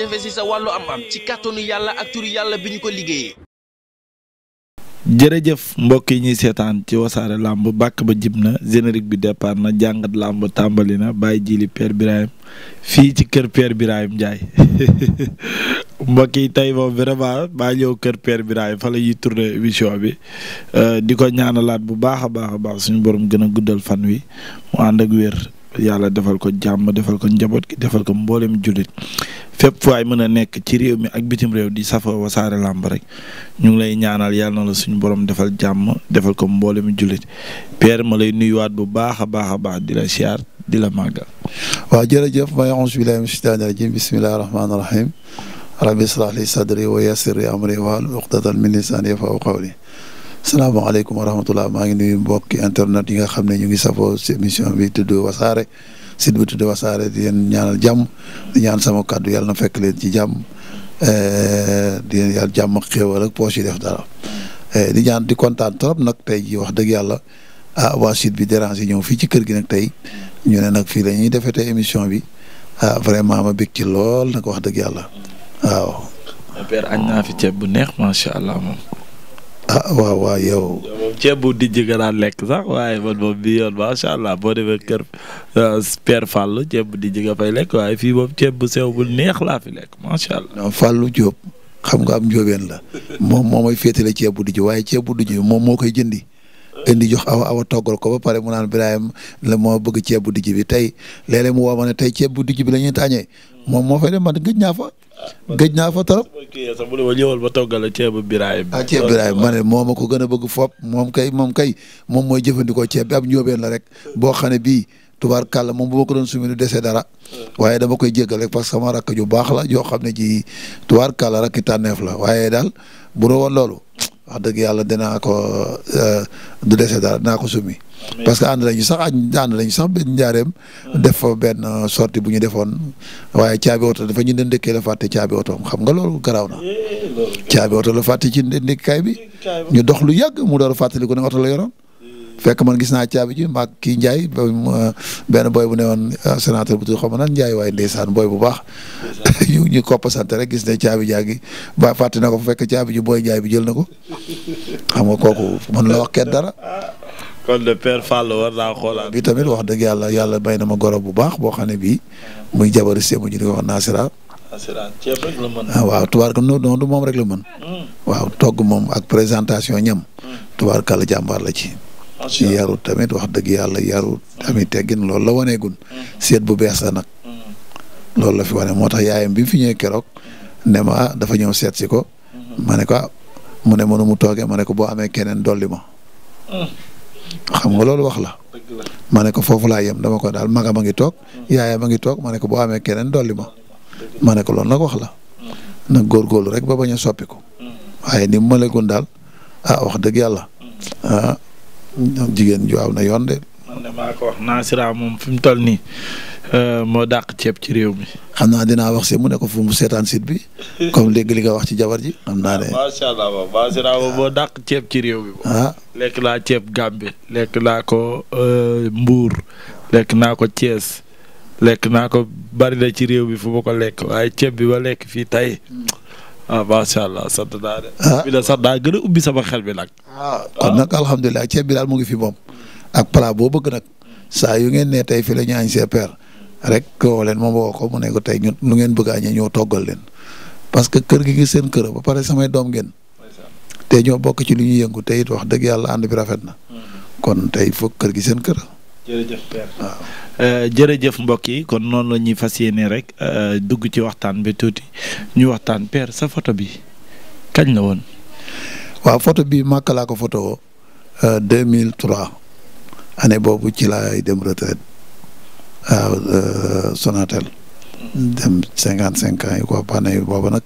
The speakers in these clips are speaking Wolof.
jafe si sa wàllu ci kàttanu yàlla ak yàlla bi ñu ko liggéeyee. jërëjëf mbokk yi ñuy seetaan ci wasaare làmb bàkk ba jib na générique bi départ na jàngat làmb tàmbali na bàyyi jili Père Birahim fii ci kër Père Birahim Ndiaye mbokk yi tey moom vraiment maa ñëw kër Père Birahim fa ñuy tourné émission bi euh, di ko ñaanalaat bu baax a baax a baax suñu borom gën a guddal fan wi mu ànd ak wér. yàlla defal ko jàmm defal ko njaboot gi defal ko mboolem jullit fépp fu ay mën a nekk ci réew mi ak bitim réew di safa wasaare làmb rek ñu ngi lay ñaanal yàlla na la suñu borom defal jàmm defal ko mboolem jullit Père ma lay nuyuwaat bu baax a baax a baax di la siyaar di la màggal. waaw jërëjëf may auzu billaahi mina shaytaani rajiim bismillaahi rahmaani rahiim rabbi israh li sadri wa yassir li amri wahlul uqdatan min lisaani yafqahu qawli salaamaaleykum wa rahmatulah maa ngi nuyu mbokki internet yi nga xam ne ñu ngi safoo si émission bi tudd wasaare site bi tudd wasaare di leen ñaanal jàmm di ñaan sama kàddu yàlla na fekk leen ci jàmm eh, di leen yàlla jàmm ak xéewal ak poche yi dara eh, di ñaan di kontaan trop nag tey ji wax dëgg yàlla ah waa site bi déranger ñëw fii ci kër gi nag tey ñu ne nag fii la ñuy te émission bi ah vraiment ma bég ci lool nag wax dëgg yàlla waaw. naa fi ceeb bu neex macha allah ah waaw waaw yow. moom bu dijj nga daan lekk sax waaye man moom bii yoon macha allah boo demee kër euh, Père Fallou ceeb bu dijj nga fay lekk waaye fii moom ceeb bu sew bu neex laa fi lekk macha allah. non Fallou Diop xam nga am njóobeen la moom moo may féetale ceeb bu dijj waaye ceeb bu dijj moom moo koy jëndi. indi jox awa awa toggal ko ba pare mu naan Birahim la moo bëgg ceeb bu dijj bi tey léeg mu woo ma ne tey ceeb bu dijj bi la ñuy tàññee moom moo fay dem man gëj naa fa. gëj naa fa trop. sax bu ma ñëwal ba toggal ceebu Birahim. ah ceeb Birahim ma ne moom a ko gën a bëgg fop moom kay moom kay moom mooy jëfandikoo ceeb bi ab njóobeen la rek boo xam ne bii. tubaar kàlla moom bu ma ko doon sumi nu dese dara waaye dama koy jéggale parce que sama rakk ju baax la yoo xam ne ji tubaar kàlla rakki tànneef la waaye daal bu doon loolu wax dëgg yàlla dinaa ko euh, du desee daal dinaa ko summi. parce que ànd nañu sax ànd nañu sax benn njaareem. def fa benn euh, sortie bu ñu defoon waaye caabi oto dafa ñu ne ndëkkee la fàtte caabi oto xam nga eh, loolu garaaw na. caabi oto la fàtte ci ndëkkaay bi. ñu dox lu yàgg mu door a fàttali ko ne oto la yoroon. fekk man gis naa caabi ji maag kii Ndiaye benn booy bu ne woon euh, sénateur bu tudd xaw ma nan Ndiaye waaye ndeysaan boy bu baax. ñu ñu kopp sant rek gis ne caabi jaa gi ba fàtte ne ko bu fekk caabi ju booy Ndiaye bi jël na ko xam nga kooku mën la wax ket dara. kon de Père Fall war naa xoolaat. bi tamit wax dëgg yàlla yàlla bay na ma goro bu baax boo xam ne bii muy jabaru Sémou ñu di ko wax Nasira. Nasira ah, waaw tubaar ka noonu moom rek la mën. Hmm. waaw togg moom ak présentation ñam. Hmm. tubaar kàlla jàmbaar ci. yaru tamit wax dëgg yàlla yaru tamit gën loolu la waneegun mm-hmm. seet bu bees la nag mm-hmm. loolu la fi wane moo tax yaayam bi fi ñëwee keroog ne ma dafa ñëw seet si ko mm-hmm. ma ne ko ah, mu ne mënu mu toogee ma ne ko boo amee keneen dolli ma xam nga loolu wax la ma ne ko foofu laa yem dama ko daal magam a ngi toog yaayam a ngi toog ma ne ko boo amee keneen dolli ma ne ko loolu nag wax la nag góorgóorlu rek ba bañ a soppiku waaye ni mu ma leegoon daal ah wax dëgg yàlla ah, jigéen ju aw na yoon de. man de maa moom fi mu toll nii euh, moo dàq ceeb ci réew mi. xam naa dinaa wax si mu ne ko fu mu seetaan site bi comme léegi li nga wax ci jabar ji am naa ne. macha allah waaw Nasira moom moo dàq ceeb ci réew bi ah lekk laa ceeb Gambie. lekk naa ko euh, Mbour. lekk naa ko Thiès. lekk naa ko bari na ci réew bi fu ma ko lekk waaye ceeb bi ba lekk fii tey. Hmm. ah macha allah sant naa de. ah bi de sax daa gën a ubbi sama xel bi nag. ah kon nag alhamdulilah ceeb bi daal mu ngi fi moom. ak plat boo bëgg nag. saa yu ngeen ne tey fii la ñu añ see père rek woo leen moom woo ko mu ne ko tey lu ngeen bëgg a añee ñoo toggal leen parce que kër gi ngi seen kër ba pare samay doom ngeen. te ñoo bokk ci lu ñuy yëngu te wax dëgg yàlla ànd bi rafet na. Hmm. kon tey foog kër gi seen kër. jërëjëf waaw euh, jërëjëf mbokk yi kon noonu la ñuy fas yéene rek euh, dugg ci waxtaan bi tuuti ñu waxtaan père sa photo bi kañ la woon. waaw photo bi màkk laa ko photo 2003 euh, année boobu ci laay dem retraite waaw Sonatel. dem cinquante cinq ans yi quoi panne boobu nag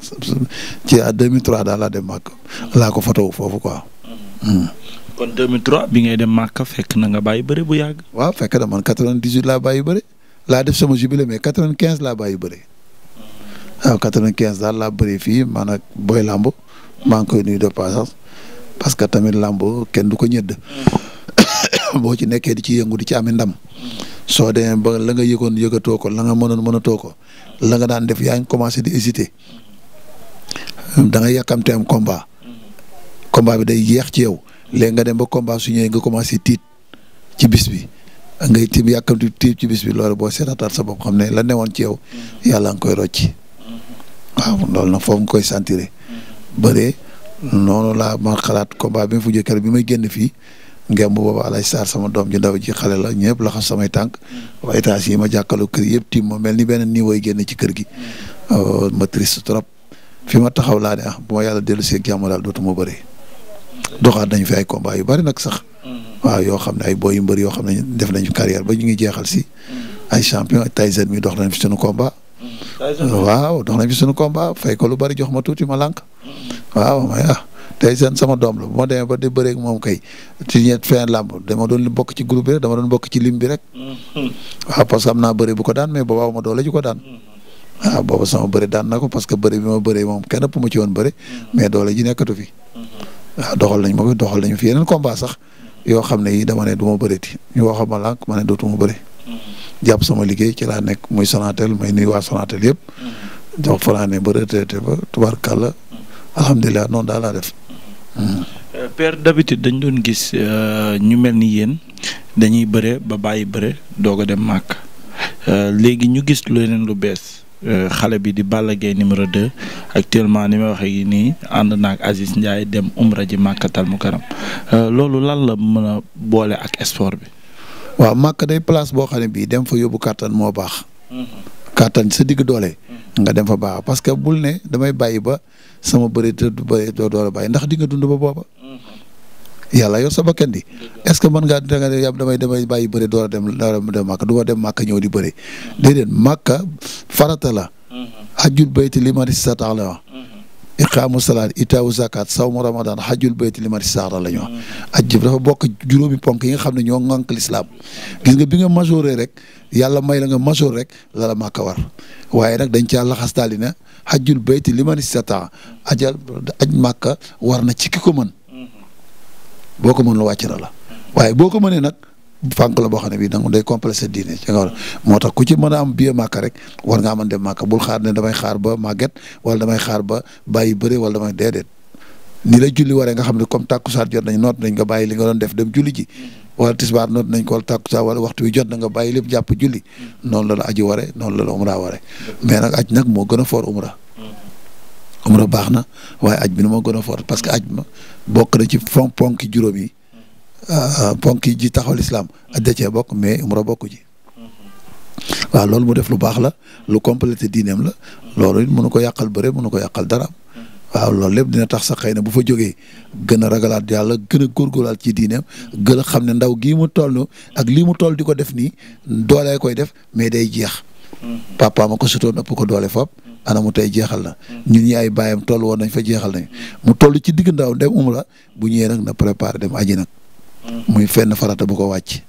ci à 2003 daal laa dem màkk laa ko photo foofu quoi. Mm-hmm. Hmm. kon 2003 bi ngay dem Màkka fekk na nga bàyyi bëre bu yàgg. waaw fekk na man 98 laa bàyyi bëre laa def sama jubilé mais 95 laa bàyyi bëre waaw 95 daal laa bëri fii maanaam booy làmb maa ngi koy nuyu de passage parce que tamit làmb kenn du ko ñëdd boo ci nekkee di ci yëngu di ci amee ndam soo dee ba la nga yëgoon yëgatoo ko la nga mënoon mënatoo ko la nga daan def yaa ngi commencé di hésiter danga nga yàkkamte am bi day yeex ci yow léegi nga dem ba komba su ñëwee nga commencé tiit ci bis bi ngay tiim yàkkamti tiit ci bis bi loolu boo seetaataat sa bopp xam ne la newoon ci yow yàlla nga koy rocci waaw loolu na foofu nga koy santire bëree noonu laa ma xalaat combat bi ma fu jëkkër bi may génn fii ngem bu booba alay saar sama doom ji ndaw ji xale la ñëpp la xas samay tànk waa étage yi ma jàkkalu kër yëpp tiim ma mel ni benn nii way génn ci kër gi oh, ma triste trop fi ma taxaw laa ne ah yàlla dellu see jàmm daal dootuma bëri doxaat nañ fi ay combat yu bari nag sax. Mm-hmm. waaw yoo xam ne ay boy yu mbër yoo xam ne def nañ carrière ba ñu ngi jeexal si. Mm-hmm. ay champion ay Tyson mi dox nañ fi suñu combat. Mm-hmm. waaw dox nañ fi suñu combat fay ko lu bari jox ma tuuti ma lànk. waaw may sama doom la bu ma demee ba di bëreeg moom kay ci ñett fin làmb dama doon bokk ci groupe dama doon bokk ci lim bi rek. waaw parce que am bëri bu ko daan mais boobaa ma doole ji ko daan. waaw booba sama bari daan na ko parce que bëri bi ma bëree moom kenn ëpp ma ci woon bari mais doole ji nekkatu fi. waaw ah, doxal nañ ma ko doxal nañ fi yeneen combat sax yoo xam ne yi dama ne du ma bëreeti ñu waxoon ma lànk ma ne dootuma bëri. Mm-hmm. jàpp sama liggéey ci laa nekk muy Sonatel may nuyu waa Sonatel yëpp. Mm-hmm. jox fa ne ba retraité ba tubaarkàlla. Mm-hmm. alhamdulilah noonu daal laa def. Mm. Euh, père d'habitude dañ doon gis euh, ñu mel ni yéen dañuy bëre ba bàyyi bëre doog a dem màkk euh, léegi ñu gis lu leneen lu bees. Euh, xale bi di Balla Gaye numéro 2 actuellement ni may waxee nii ànd naag Aziz Ndiaye dem umra ji màkkatal mu karam euh, loolu lan la mën a boole ak sport bi. waaw màkk day place boo xam ne bii dem fa yóbbu kàttan moo baax. kàttan sa digg doole. nga dem fa baax parce que bul ne damay bàyyi ba sama bëri te du bëri doo doole bàyyi ndax di dund ba booba. yàlla yor sa bakkan di est ce que mën ngaa danga ne yàlla damay damay bàyyi bëri door a dem door a dem màkka du ma dem màkka ñëw di bëri déedéet màkka farata la mm-hmm. hajjul bayti liman istata'a la wax mm-hmm. iqaamu salaat itaawu zakat sawmu ramadan hajjul bayti liman istata'a la ñu wax mm-hmm. ajjib dafa bokk juróomi ponk yi nga xam ne ñoo ŋànk lislaam gis nga bi nga majoré rek yàlla may la nga major rek la la war waaye nag dañ caa laxas daal di ne hajjul bayti liman istata'a ajal aj màkka war na ci ki ko mën boo ko mënul wàcc na la waaye boo ko mënee nag fànk la boo xam ne bii danga day complété diine moo tax ku ci mën a am biir màkka rek war ngaa mën dem màkka bul xaar ne damay xaar ba màgget wala damay xaar ba bàyyi bëre wala damay déedéet ni la julli waree nga xam ne comme tàkkusaat jot nañ noot nañ nga bàyyi li nga doon def dem julli ji wala tisbaar noot nañ ko wala tàkkusaat waxtu wi jot na nga bàyyi lépp jàpp julli mm. noonu la la aji ware noonu la la umra ware mm. mais nag aj nag moo gën a foor umra baax na waaye aj bi nu moo gën a fort parce que aj ma bokk na ci fon ponki juróom yi ah, ah, ponki ji taxawal islam aj da cee bokk mais umra bokk ci waaw loolu mu def lu baax la lu complété diineem la loolu it ko yàqal bëre mënu ko yàqal dara waaw loolu lépp dina tax sax xëy na bu fa jógee gën a ragalaat yàlla gën a góorgóorlaat ci diineem gën a xam ne ndaw gii mu toll ak lii mu toll di ko def nii doolee koy def mais day jeex. Mm-hmm. papaam a ko sutoon ëpp ko doole foofu. ana anamu tey jeexal na. ñu ñi ay baayam toll woon nañ fa jeexal nañ mu toll ci digg ndaw dem umra bu ñëwee nag na préparé dem aji nag. muy fenn farata bu ko wàcc.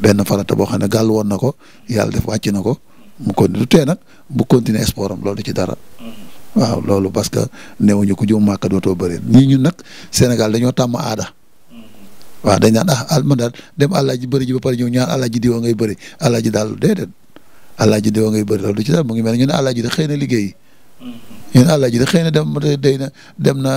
benn farata boo xam ne gàll woon na ko yàlla def wàcc na ko mu continué tee nag bu continuer sport am loolu ci dara. waaw loolu parce que newuñu ku jëm màkk dootoo bëri ñii ñun nag Sénégal dañoo tàmm aada. waaw dañ naan ah man daal dem àllaaji bëri ji ba pare ñëw ñaan àllaaji diwa ngay bëri àllaaji daal déedéet. alaaji diwa ngay bëri loolu du ci dara mu ngi mel ne ñu ne alaaji de xëy na liggéey ñu ne alaaji de xëy na dem na dem na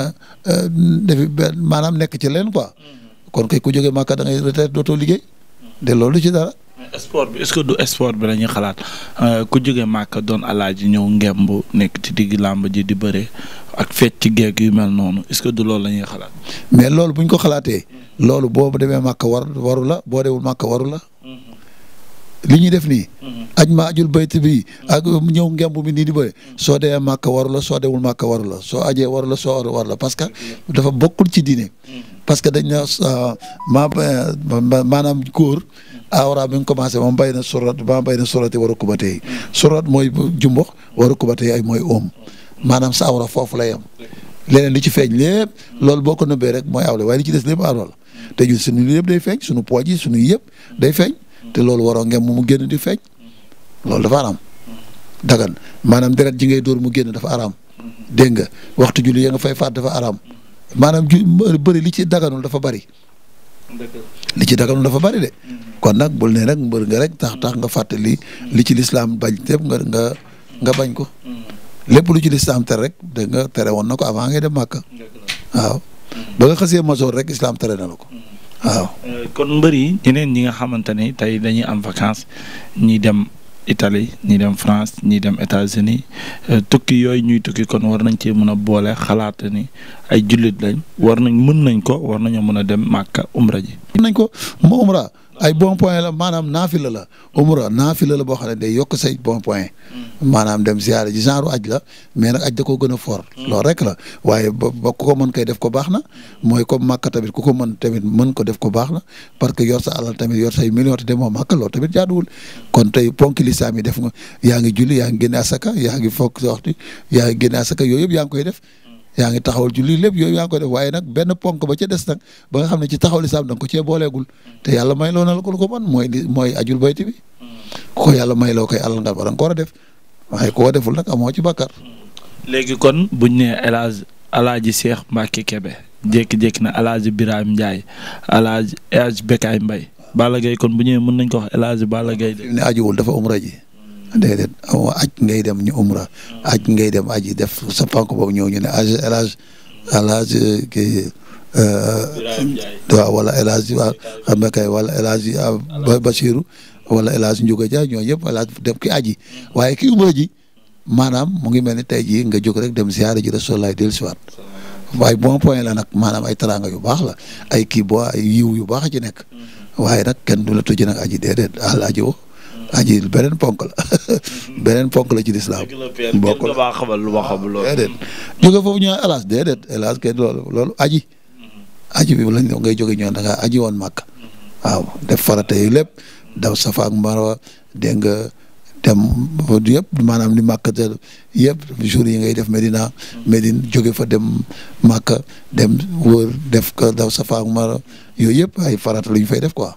euh, defi benn maanaam nekk ci leen ko mm-hmm. kon kay ku jógee Màkka da ngay retraite dootoo liggéey mm-hmm. de loolu du ci dara. sport bi est-ce du sport bi la ñuy xalaat euh, ku jóge Màkka doon alaaji ñëw ngemb nekk ci digg làmb ji di bëre ak fet ci geeg yu mel noonu est-ce du loolu la ñuy xalaat. mais loolu bu ñu ko xalaatee. Mm-hmm. loolu boo demee Màkka war la boo dewul Màkka waru la. li ñuy def nii. Mm-hmm. aj ma ajul bayt bi ak ñëw ngemb bi nii di ba mm-hmm. soo dee màkk waru la soo demul màkk waru la soo ajee waru la soo waru la parce que mm-hmm. dafa bokkul ci diine. parce que dañ na euh, ma maanaam góor awra bi nga commencé moom béy na surat ba béy na surati war a kubatee surat mooy jumbox war a kubatee ay mooy oom maanaam sa awra foofu lay am leneen li ci feeñ lépp loolu boo ko bee rek mooy awle waaye li ci des lépp awra la te ñun suñu lépp day feeñ suñu pooj yi suñu yëpp day te loolu waroo ngem mu génn di feeñ loolu dafa araam dagan maanaam deret ji ngay dóor mu génn dafa araam dégg nga waxtu julli ya nga fay faat dafa araam maanaam ju bëri li ci daganul dafa bari li ci daganul dafa bëri de kon nag bul ne rek mbër nga rek tax tax nga fàttali li ci lislaam bañ lépp nga nga nga bañ ko lépp lu ci lislaam tere rek da nga tere woon na ko avant ngay dem màkka waaw ba nga xasee masoor rek islaam tere na la ko waaw euh, kon mbër yi ñeneen ñi nga xamante ni tey dañuy am vacances ñi dem Italie ñi dem France ñi dem États-Unis euh, tukki yooyu ñuy tukki kon war nañ cee mën a boole xalaat ni ay jullit lañ war nañ mën nañ ko war nañoo mën a dem Màkka umra ji. mën nañ ko mu umra ay bon point la maanaam naafila la umra naafila la boo xam ne day yokk say bon point hmm. maanaam dem ziyaare ji genre aj la mais nag aj da koo gën a fort hmm. loolu rek waaye boo ku ko mën koy def ko baax na hmm. mooy comme màkk tamit ku ko mën tamit mën ko def ko baax na parce que yor sa alal tamit yor say million te demoo màkk loolu tamit jaaduwul kon tey ponk lislaam yi def nga yaa ngi julli yaa ngi génne asaka yaa ngi fokk sa waxtu yaa ngi génne asaka yooyu yëpp yaa ngi koy def yaa ngi taxawal julli lépp yooyu yaa ngi koy def waaye nag benn ponk ba ca des nag ba nga xam ne ci taxawal islam da nga ko cee booleegul te yàlla may loo na la ko ko man mooy li mooy ajul bayti bi ko yàlla may loo koy alal nga war a ko war a def waaye koo deful nag amoo ci bàkkar léegi kon buñ ne El Hadj Alaaji Cheikh Mbacke Kebe na Alaaji Birame Ndiaye Alaaji El Hadj Bekaay Mbaye Balla Gaye kon bu ñëwee mën nañ ko wax El Hadj Balla Gaye de ne ajuwul dafa umra ji déedéet aj ngay dem ñu umra aj ngay dem aji def sa panko boobu ñëw ñu ne ag elage euh, wala elage waa xam wala elage ah, Bachirou wala elage Ndiouga Dia ñoo yëpp elage dem ki aji waaye ki umra ji maanaam mu ngi mel ni tey jii nga jóg rek dem ziyaara ji Rasulullah del siwaat waaye bon point la nag maanaam ay taraanga yu baax la ay kii boo ay yiw yu baax ci nekk waaye nag kenn du la tujji nag aji déedéet al aji wo aji beneen ponk la beneen ponk la ci lislaam bokk la baa xamal lu ma xamul loolu déedéet jóge foofu ñu naan hélas déedéet hélas kenn loolu loolu aji aji bi lañ ngay jóge ñoon da nga aji woon màkk waaw def farata yi lépp daw safa ak marwa dégg nga dem yëpp maanaam li màkk te yëpp jour yi ngay def Medina Medine jóge fa dem màkk dem wër def ko daw safa ak marwa yooyu yëpp ay farata lu ñu fay def quoi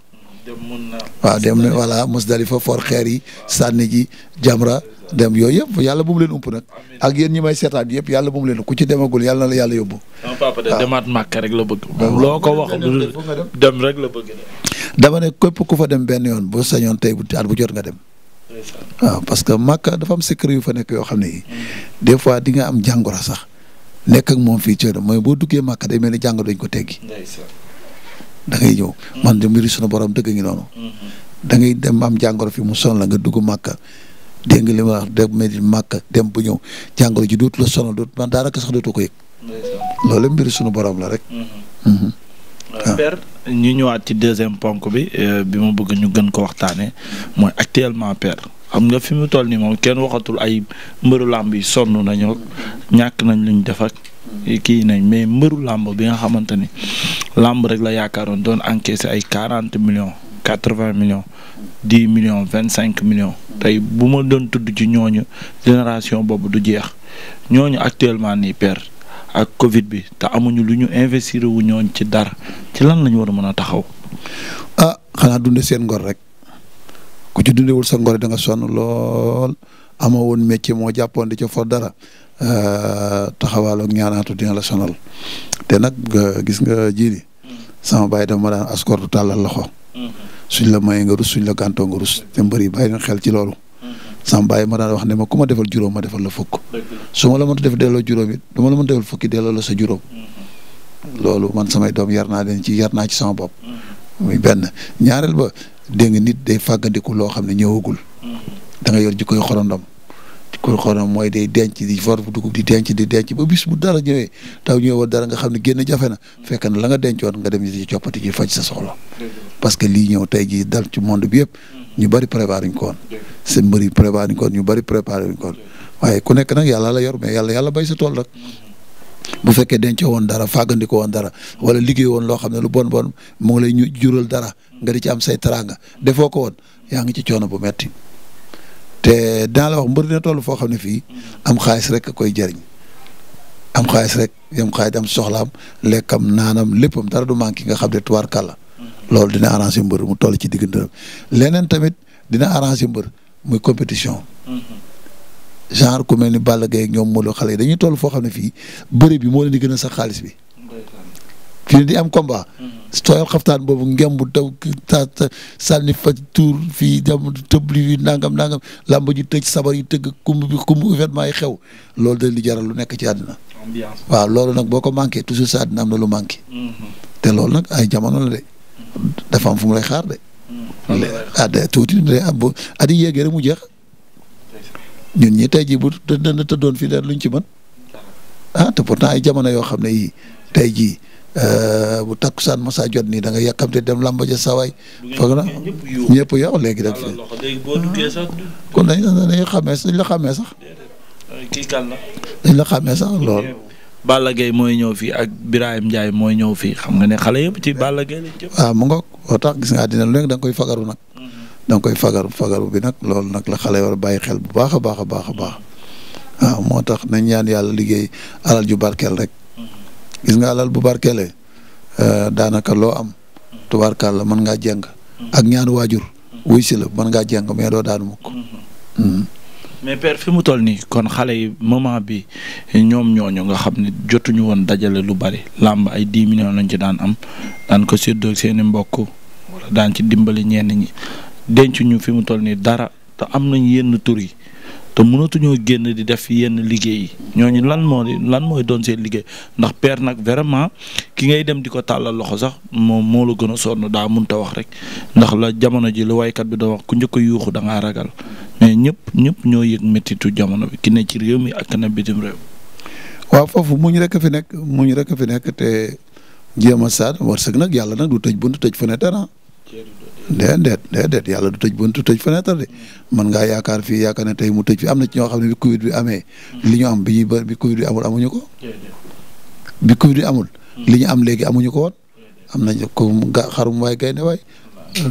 waaw dem na voilà Musdalifa for xeer yi sànni ji jamra dem yooyu yëpp yàlla bu mu leen ump nag ak yéen ñi may seetaan yëpp yàlla bu mu leen ku ci demagul yàlla la yàlla yóbbu. sama papa rek la bëgg. loo ko wax dem rek la bëgg. képp ku fa dem benn yoon bu sañoon tey bu at bu jot nga dem. waaw parce que màkk dafa am secret yu fa nekk yoo xam ne yi mm. des fois di nga am jàngoro sax nekk ak moom fii coono mooy boo duggee màkk day mel ni jàngoro dañ ko teggi. da ngay ñëw. man de mbir sunu borom dëgg ngi noonu. Mm-hmm. da ngay dem am jàngoro fi mu sonal nga dugg màkka dégg nga li ma wax dem Medina màkka dem bu ñëw jàngoro ji dootu la sonal dootu man daanaka sax dootu ko yëg. loolu mbiri sunu borom la rek. Mm-hmm. Mm-hmm. Euh, ah. Père ñu ñëwaat ci deuxième ponk bi euh, bi ma bëgg ñu gën ko waxtaanee mooy actuellement Père. xam nga fi mu toll nii moom kenn waxatul ay mbëru làmb yi sonn nañoo ñàkk nañ lañu def kii nañ mais mbëru làmb bi nga xamante ni làmb rek la yaakaaroon doon encaissé ay quarante millions quatre-vingts millions dix millions vingt-cinq millions tey bu ma doon tudd ci ñooñu génération boobu du jeex ñooñu actuellement nii per ak Covid bi te amuñu lu ñu investir wu ñooñ ci dara ci lan lañu war a mën a taxaw. a ah, xanaa dund seen ngor rek. ku ci dundewul sa ngor da nga sonn lool amoo woon métier moo jàppoon di ca for dara euh, taxawaaloo ñaanaatu dina la sonal te nag gis nga jiili sama baay dama daan askor du tàllal loxo suñ la may nga rus suñ la gàntoo nga rus te mbëri bàyyi xel ci loolu sama baay ma daan wax ne ma ma defal juróom ma defal la fukk su ma la mënta def delloo juróom it du la mënta defal fukki delloo sa juróom loolu man samay doom yar naa leen ci yar naa ci sama bopp muy benn dégg nga nit day fàggandiku loo xam ne ñëwagul. Mm-hmm. da nga yor jikkoy xorondom. jikkoy xorondom mooy day denc di for dugub di denc di denc ba bis bu dara ñëwee taw ñëwoon dara nga xam ne génn jafe na mm-hmm. fekk na la nga dencoon nga dem coppati ji faj sa soxla. parce que lii ñëw tey jii dal ci monde bi yëpp. Mm-hmm. ñu bari préparé ñu ko woon. seen mbër yi préparé ñu ñu bari préparé ñu ko waaye ku nekk nag yàlla la yor mais yàlla yàlla bay sa tool rek. bu fekkee dencee woon dara fàggandikoo woon dara wala liggéey woon loo xam ne lu bon bon mu lay ñu jural dara nga di ci am say de defoo ko woon yaa ngi ci coono bu metti te daa la wax mbër dina toll foo xam ne fii am xaalis rek a koy jëriñ am xaalis rek yam xaalis am soxlaam lekkam naanam léppam dara du manqué nga xam ne tuwaar kàlla loolu dina arrangé mbër mu toll ci digganteem leneen tamit dina arrangé mbër muy compétition. genre ku mel ni Balla Gaye ak ñoom Modou xale i dañuy toll foo xam ne fii bëre bi moo leen di sax xaalis bi. kii di am combat. Mm-hmm. sooy xaftaan boobu ngem ta sànni fa tuur fii dem tëbli fii nangam nangam làmb ji tëj sabar yi tëgg kumb bi kumb événement yi xew lool da li jaral lu nekk ci àddina. waaw loolu nag boo ko manqué toujours sa àddina am na lu manqué. Mm-hmm. te loolu nag ay jamono la de. Mm-hmm. dafa am fu mu lay ah, de. ah yéegee rek mu jeex. ñun ñi tey ji bu dana tëddoon fii de luñ ci mën. ah te pourtant ay jamono yoo xam ne yii tey jii. Euh, bu takkusaan masa jot nii da nga yàkkamte dem làmba ja foog na ñëpp yow léegi def kon dañ dañuy dañ la xame sax kii kan la dañ sax lool Balla Gaye mooy ñëw fii ak Birahim njaay mooy ñëw fii xam nga ne xale yëpp ci Balla Gaye lañ jëm ah, mu ngoog moo tax gis nga àddina lu nekk da koy fagaru nag mm-hmm. da koy fagaru fagaru bi nag loolu nag la xale war a bàyyi xel bu baax a baax a baax a baax waaw ah, moo tax nañ ñaan yàlla liggéey alal ju barkeel rek gis nga alal bu barkeele euh, daanaka loo am la mën ngaa jeng ak ñaanu waajur wuy si la mën ngaa jàng mais doo daanu mukk hmm. mais père fi mu toll nii kon xale yi moment bi ñoom ñooñu nga xam ne jotuñu woon dajale lu bari làmb ay dix millions lañ ci daan am daan ko séddoo seen i mbokk wala daan ci dimbali ñenn ñi denc ñu fi mu toll nii dara te am nañ yenn tur te mënatuñoo génn di def yenn liggéey yi ñooñu lan moo lan mooy doon seen liggéey ndax per nag vraiment ki ngay dem di ko tàllal loxo sax moom moo la gën a sonn daa mënta wax rek ndax la jamono ji lu waykat bi da wax ku njëkk a yuuxu da ragal mais ñëpp ñëpp ñoo yëg méttitu jamono bi ki ne ci réew mi ak ki ne bitim réew. waaw foofu muñ rek fi nekk muñ rek fi nekk te jéem a war wërsëg nag yàlla nag du tëj bunt tëj fenêtre ah. déedéet déedéet yàlla du tëj buntu tëj fenêtre de man nga yaakaar fii yaakaar ne tey mu tëj fi am na ci ñoo xam ne bi Covid bi amee. Hmm. li ñu am bi ñuy ba bi Covid bi amul amuñu ko. bi Covid bi amul. Hmm. li ñu am léegi amuñu ko woon. am nañu ko ga xarum waay gaynde waay.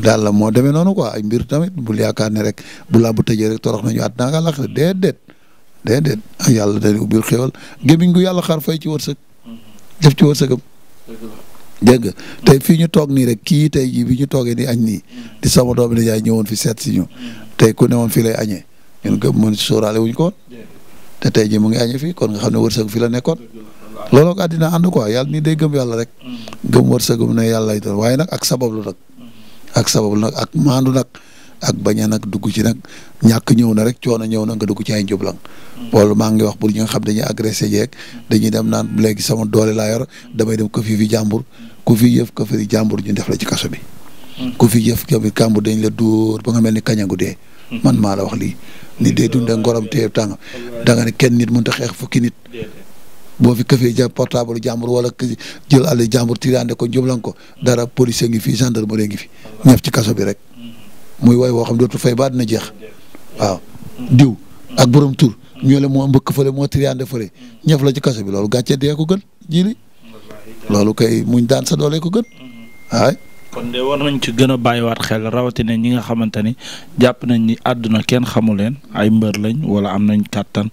daal la moo demee noonu quoi ay mbir tamit bul yaakaar ne rek bu laa bu tëjee rek torox nañu at naa nga lax déedéet. déedéet yàlla de ubbil xéwal gémmiñ gu yàlla xar fay ci wërsëg. Hmm. def ci wërsëgam. dégg nga tey fii ñu toog nii rek kii tey jii bi ñu toogee nii añ nii di sama doom bi yaay ñëwoon fi seet si ñu te ku ne woon fii lay añee ñun ko mën sóoraale wuñ ko te te tey jii mu ngi añee fii kon nga xam ne wërsëg fi la nekkoon looloo àddina ànd quoi yàlla nii day gëm yàlla rek gëm wërsëgum ne yàlla lay doon waaye nag ak sabablu nag ak sabablu nag ak maandu nag ak bañ a nag dugg ci nag ñàkk ñëw na rek coono ñëw na nga dugg ci ay njublang loolu maa ngi wax pour ñu nga xam dañuy agressé jeeg dañuy dem naan léegi sama doole laa yor damay dem ko fii fi jàmbur ku fi yëf ka fi jàmbur ñu def la ci bi. Mm. ku fi yëf ka fi kàmbur dañ la dóor ba nga mel ni kañangu dee. Mm. man maa la wax lii. nit day dundee ngorom te tàng danga ne kenn nit mënut a xeex fukki nit. boo fi kafee jàpp portable jàmbur wala jël àll jàmbur tiraande ko jublan ko mm. dara policier ngi fi gendarmerie ngi fi ñëf ci kaso bi rek muy way woo xam dootu fay ba dina jeex waaw diw ak borom tur ñoo le moo mbëkk fële moo tiraande fële ñëf la ci bi loolu gàcce loolu kay muñ daan sa doole ko gën. waay. kon de war nañ ci gën a bàyyiwaat xel rawatina ñi nga xamante ni jàpp nañ ni àdduna kenn xamu leen ay mbër lañ wala am nañ kàttan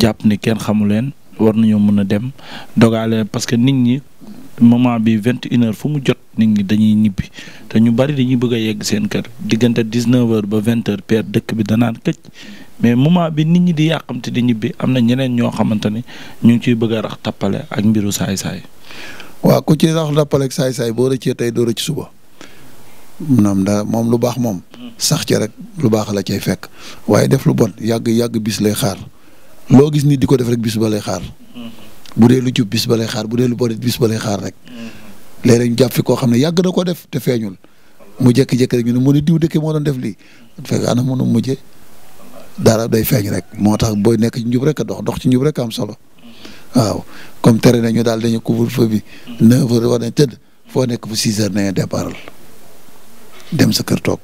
jàpp ni kenn xamu leen war nañoo mën a dem dogaale parce que nit ñi moment bi vingt une heure fu mu jot. nit ñi dañuy ñibbi te ñu bari dañuy bëgg a yegg seen kër diggante dix neuf heures ba vingt heures per dëkk bi danaan këcc mais moment bi nit ñi di yàqamte di ñibbi am na ñeneen ñoo xamante ni ñu ngi ciy bëgg a rax tappale ak mbiru saay-saay. waaw ku ci rax tappale ak saay-saay boo rëccee tey doo rëcc suba. naam daa moom lu baax moom. sax ci rek lu baax la cay fekk waaye def lu bon yàgg yàgg bis lay xaar loo gis nit di ko def rek bis ba lay xaar. Mm-hmm. bu dee lu jub bis ba lay xaar bu dee lu bis ba lay rek. Mm-hmm. léeg ñu jàpp koo xam ne yàgg na ko def te feeñul mu jékki-jékki rek ñu ne mu ne diw dëkk moo doon def lii fekk ana mënu mujje dara day feeñ rek moo tax booy nekk ci njub rek dox dox ci njub rek am solo waaw comme tere nañu daal dañu couvre-feu bi neuf heures war nañ tëdd foo nekk fu six heures nañu départal dem sa kër toog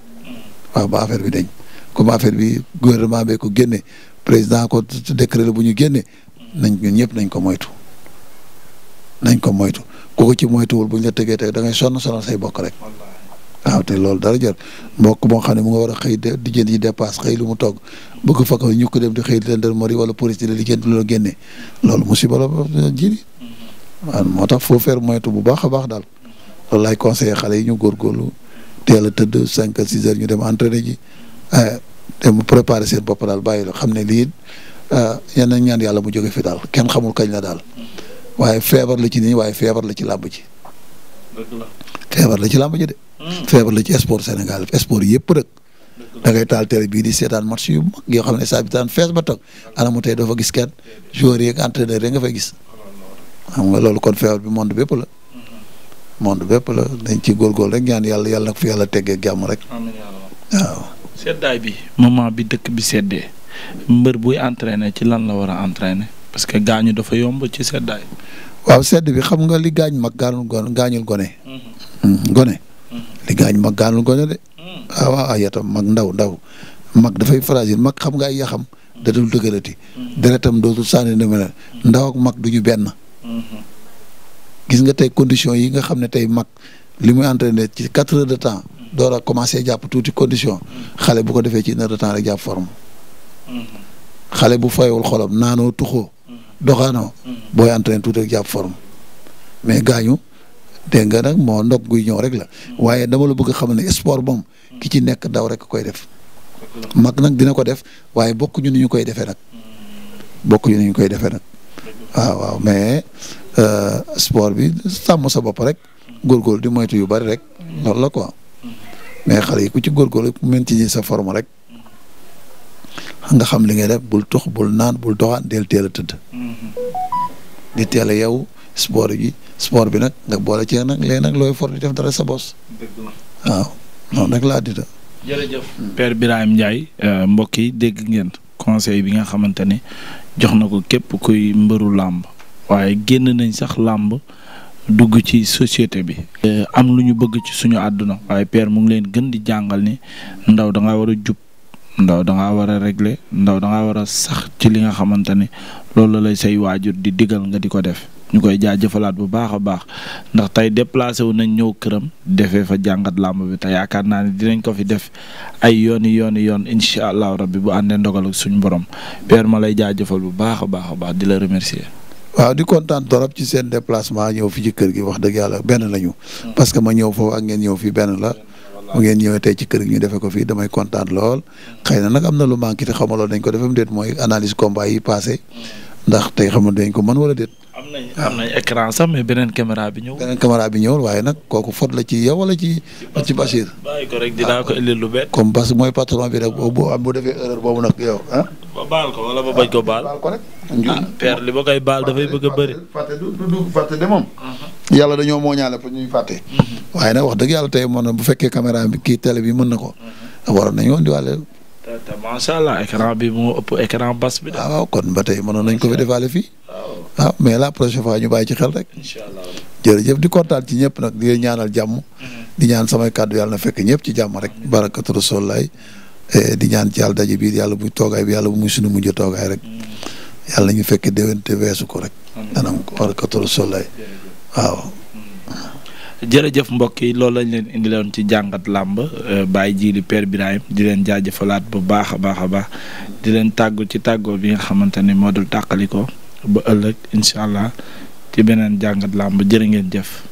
waaw ba affaire bi dañ comme affaire bi gouvernement bee ko génne président ko décret la bu ñu génne nañ ñun ñëpp nañ ko moytu nañ ko moytu kooku ko ci moytuwul bu ñu la tëggee tey da ngay sonn sonal say bokk rek. waaw te loolu dara jot mbokk moo xam ne mu nga war a xëy di jënd yi dépasse xëy lu mu togg bëgg fa ko ñu ko dem di xëy di leen dal mori wala police di la liggéey lu la génnee loolu musiba la waaw moo tax faut faire moytu bu baax a baax daal loolu laay conseillé xale yi ñu góorlu teel a tëdd cinq à six heures ñu dem entraîné ji ah dem préparer seen bopp daal bàyyi la xam ne lii ah yenn ñaan yàlla mu jóge fi daal kenn xamul kañ la daal. waaye feebar la ci nii waaye feebar la ci làmb ji. la ci làmb ji de. Hmm. feebar la ci sport Sénégal sport yëpp rek. da taal télé bii di seetaan match yu mag yoo xam ne saa bi daan fees ba toog anamu tey doo fa gis kenn joueurs yeeg entraîneurs nga fa gis. xam nga loolu kon feebar bi monde bépp la. Hmm. monde bépp la dañ ci góorgóorlu rek ñaan yàlla yàlla na ko fi yàlla teggee jàmm rek. waaw. seddaay bi moment bi dëkk bi seddee mbër buy entraîné ci lan la war a entraîné. parce que gaañu dafa yomb ci seddaay. waaw sedd bi xam nga li gaañ mag gaañul gone gaañul gone. Mm-hmm. Mm, gone. Mm-hmm. li gaañ mag gaañul gone de. Mm. Ah, waaw waaw yatam mag ndaw ndaw mag dafay fragile mag xam nga ay yaxam. Mm-hmm. dootul dëgërati. deretam tey condition yi nga xam ne tey mag li muy entraîné ci quatre heures door a commencé jàpp tuuti condition. xale bu ko defee ci une de temps rek jàpp forme. xale bu fayul xolam naanoo tuxoo. doxaanoo. Mm. booy entraîné tuuti rek jàpp forme mais gaañu dégg nga nag moo ndog guy ñëw rek la mm. waaye dama la bëgg a xam ne sport moom mm. ki ci nekk daw rek koy def. mag nag dina ko def waaye bokkuñu ni ñu koy defee nag. bokkuñu ni koy defee nag. waaw waaw mais euh, sport bi sàmm sa bopp rek. góor góorgóorlu di moytu yu bari rek. loolu la ko mais xale yi ku ci góor mën ci sa forme rek. nga xam li nga def bul tux bul naan bul doxaan del teel a tëdd. Mm-hmm. di teel a yow sport yi sport bi nag nga boole ci nag nag looy for di def dara sa bos. waaw noonu rek laa dida jërëjëf mm. Père Birahim Ndiaye euh, mbokk yi dégg ngeen conseil bi nga xamante ne jox na ko képp kuy mbëru làmb waaye génn nañ sax làmb dugg ci société bi. Euh, am lu ñu bëgg ci suñu àdduna waaye Père mu ngi leen gën di jàngal ni ndaw da nga jub. ndaw da ngaa war a régler ndaw da ngaa war a sax ci li nga xamante ne loolu lay say waajur di digal nga di ko def ñu koy jaajëfalaat bu baax a baax ndax tey déplacé wu nañ ñëw këram defee fa jàngat làmb bi te yaakaar naa ne dinañ ko fi def ay yooni yooni yoon incha allahu rabbi bu àndee ndogal ak suñu borom père ma lay jaajëfal bu baax a baax a baax di la remercier. waaw di kontaan torop ci seen déplacement ñëw fi ci kër gi wax dëgg yàlla benn lañu. Mm. parce que ma ñëw foofu ak ngeen ñëw fi benn la. bu ngeen ñëwee tey ci kër gi ñu defee ko fii damay kontaan lool mm. xëy na nag am na lu manqué te xamaloon nañ ko defam déet mooy analyse combat yi passé mm. ndax tey xam nga dañ ko man wala déet. am nañ am écran sax mais beneen caméra bi ñëw. beneen caméra bi ñëwul waaye nag kooku foot la ci yow wala ci. ci Bachir bàyyi ko rek dinaa ko indil lu bett. comme parce que mooy patron bi rek boo bu defee erreur boobu nag yow ah? ba baal ko wala ba bañ ko baal. baal ko rek. Ah, li ba koy baal dafay bëgg a bëri. fàtte du du fàtte de moom. Mhm. yàlla dañoo mooñaale pour ñuy fàtte. Mhm. waaye nag wax dëgg yàlla tey moom bu fekkee caméra bi kii télé bi mën na ko. Mhm. waroon nañu woon di te macha allah écran bi moo ëpp écran bas bi. ah waaw kon ba tey mënoon nañ ko fi defaale fii. ah mais la prochaine fois ñu bàyyi ci xel rek. incha allah jërëjëf di kontaan ci ñëpp nag di ñaanal jàmm. Mm-hmm. di ñaan samay kàddu yàlla na fekk ñëpp ci jàmm rek. barakatu rasulaay e, di ñaan ci yàlla daje biir yàlla bu toogaay bi yàlla bu muy suñu mujj toogaay rek. Mm-hmm. yàlla ñu fekk déwén weesu ko rek. anam ko barakatu rasulaay waaw. jërëjëf mbokk yi loolu lañ leen indiloon ci jàngat làmb euh, Baye Djily Père Birahim di leen jaajëfalaat bu baax a baax a baax di leen tàggu ci tàggoo bi nga xamante ni moo dul tàqalikoo ba ëllëg incha allah ci beneen jàngat làmb jërë ngeen jëf.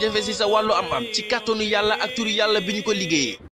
jafe-jafe sa wàllu am am ci kàttanu yàlla ak turu yàlla bi ñu ko liggéeyee